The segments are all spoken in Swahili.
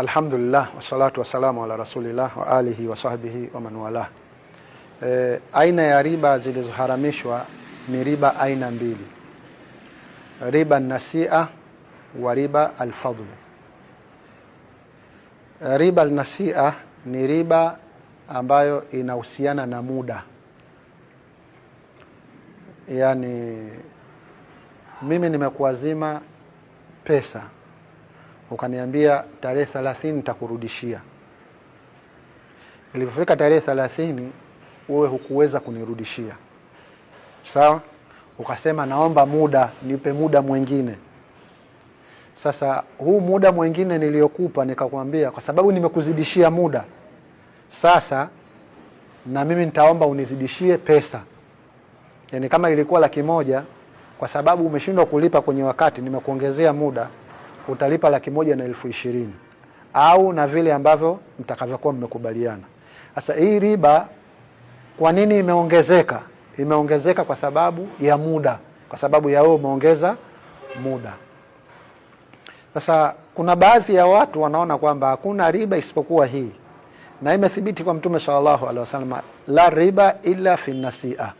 Alhamdulillah wassalatu wassalamu ala rasulillah wa alihi wa sahbihi wa E, aina ya riba zilizoharamishwa ni riba aina mbili, riba nasia wa riba alfadlu riba nasia ni riba ambayo inahusiana na muda, yaani mimi nimekuazima pesa ukaniambia tarehe thelathini nitakurudishia. Ilivyofika tarehe thelathini, wewe hukuweza kunirudishia, sawa? Ukasema naomba muda, nipe muda mwingine. Sasa huu muda mwingine niliokupa, nikakwambia kwa sababu nimekuzidishia muda, sasa na mimi nitaomba unizidishie pesa. Yani kama ilikuwa laki moja, kwa sababu umeshindwa kulipa kwenye wakati, nimekuongezea muda utalipa laki moja na elfu ishirini au na vile ambavyo mtakavyokuwa mmekubaliana. Sasa hii riba kwa nini imeongezeka? Imeongezeka kwa sababu ya muda, kwa sababu ya wewe umeongeza muda. Sasa kuna baadhi ya watu wanaona kwamba hakuna riba isipokuwa hii, na imethibiti kwa Mtume sallallahu alaihi wasallam, la riba illa fi nasia,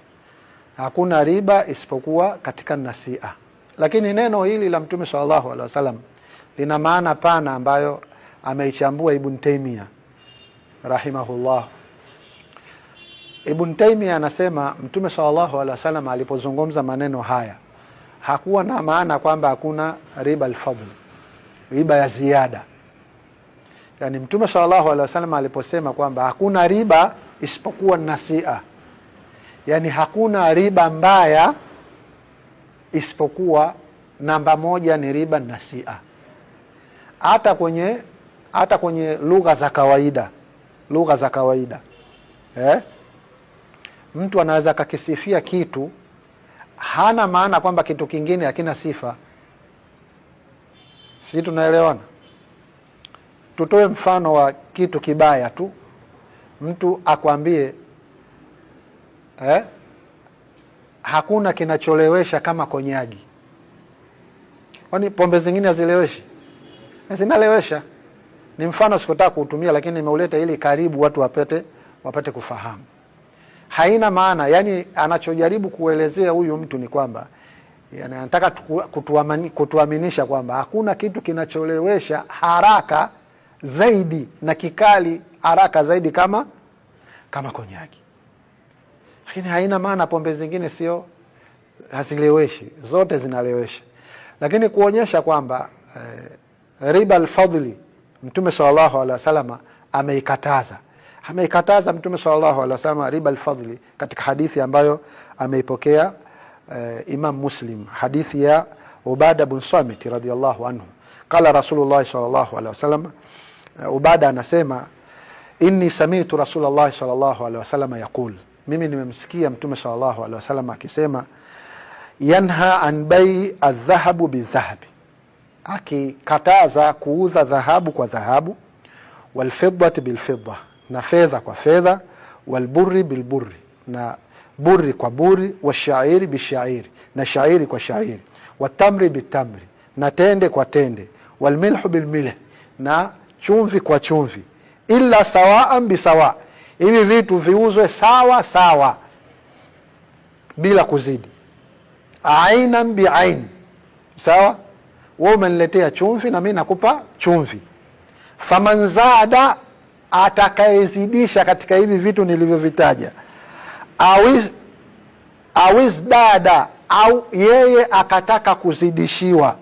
hakuna riba isipokuwa katika nasia. Lakini neno hili la Mtume sallallahu alaihi wasallam lina maana pana ambayo ameichambua Ibn Taymiyyah rahimahullah. Ibn Taymiyyah anasema Mtume sallallahu alaihi wasallam alipozungumza maneno haya hakuwa na maana kwamba hakuna riba alfadl, riba ya ziada. Yani Mtume sallallahu alaihi wasallam aliposema kwamba hakuna riba isipokuwa nasia, yani hakuna riba mbaya isipokuwa namba moja ni riba nasia hata kwenye hata kwenye lugha za kawaida, lugha za kawaida eh? Mtu anaweza akakisifia kitu, hana maana kwamba kitu kingine hakina sifa. Si tunaelewana? Tutoe mfano wa kitu kibaya tu, mtu akwambie eh? hakuna kinacholewesha kama konyagi. Kwani pombe zingine hazileweshi? zinalewesha ni mfano sikutaka kuutumia, lakini nimeuleta ili karibu watu wapate wapate kufahamu. Haina maana, yani anachojaribu kuelezea huyu mtu ni kwamba yani, anataka kutuaminisha kwamba hakuna kitu kinacholewesha haraka zaidi na kikali haraka zaidi kama kama konyaki, lakini haina maana pombe zingine sio hazileweshi, zote zinalewesha, lakini kuonyesha kwamba eh, riba alfadli Mtume salllahu alehi wasalama ameikataza ameikataza Mtume sallallahu alehi wasalama riba alfadli katika hadithi ambayo ameipokea uh, Imam Muslim, hadithi ya Ubada bin samiti radiallahu anhu qala Rasulullah sallallahu alehi wasallam. Uh, eh, Ubada anasema inni samitu Rasulullah sallallahu alehi wasalama yaqul, mimi nimemsikia Mtume sallallahu alehi wasalama akisema yanha an bai aldhahabu bidhahabi akikataza kuuza dhahabu kwa dhahabu, walfiddati bilfida na fedha kwa fedha, walburi bilburi na buri kwa buri washairi bishairi, na shairi kwa shairi, watamri bitamri, na tende kwa tende, walmilhu bilmilh, na chumvi kwa chumvi, illa sawaan bisawa, hivi vitu viuzwe sawa sawa bila kuzidi, ainan biain, sawa wewe umeniletea chumvi na mimi nakupa chumvi. Faman zada, atakayezidisha katika hivi vitu nilivyovitaja, awiz dada, au yeye akataka kuzidishiwa,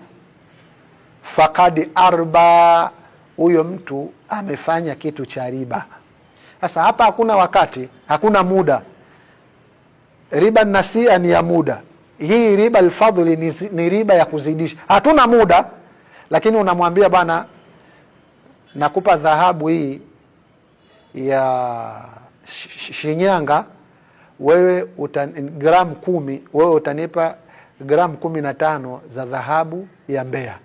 fakad arba, huyo mtu amefanya kitu cha riba. Sasa hapa hakuna wakati, hakuna muda. Riba nasia ni ya muda hii riba lfadhli ni, ni riba ya kuzidisha. Hatuna muda, lakini unamwambia bana, nakupa dhahabu hii ya Shinyanga wewe uta, gramu kumi, wewe utanipa gramu kumi na tano za dhahabu ya mbea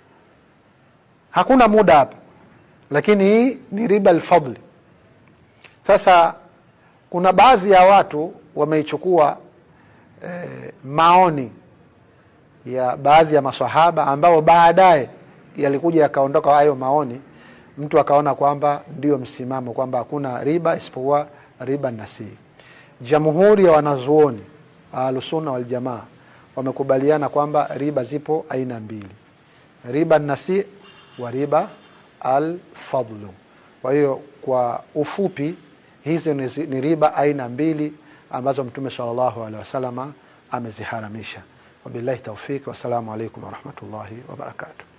Hakuna muda hapa, lakini hii ni riba lfadli Sasa kuna baadhi ya watu wameichukua eh, maoni ya baadhi ya maswahaba ambao baadaye yalikuja yakaondoka hayo maoni, mtu akaona kwamba ndio msimamo kwamba hakuna riba isipokuwa riba nasii. Jamhuri ya wanazuoni ahlusunna waljamaa wamekubaliana kwamba riba zipo aina mbili, riba nasi wa riba alfadlu. Kwa hiyo kwa ufupi, hizi ni riba aina mbili ambazo Mtume sallallahu alehi wasalama ameziharamisha. Wabillahi taufiki, wassalamu alaikum warahmatullahi wabarakatuh.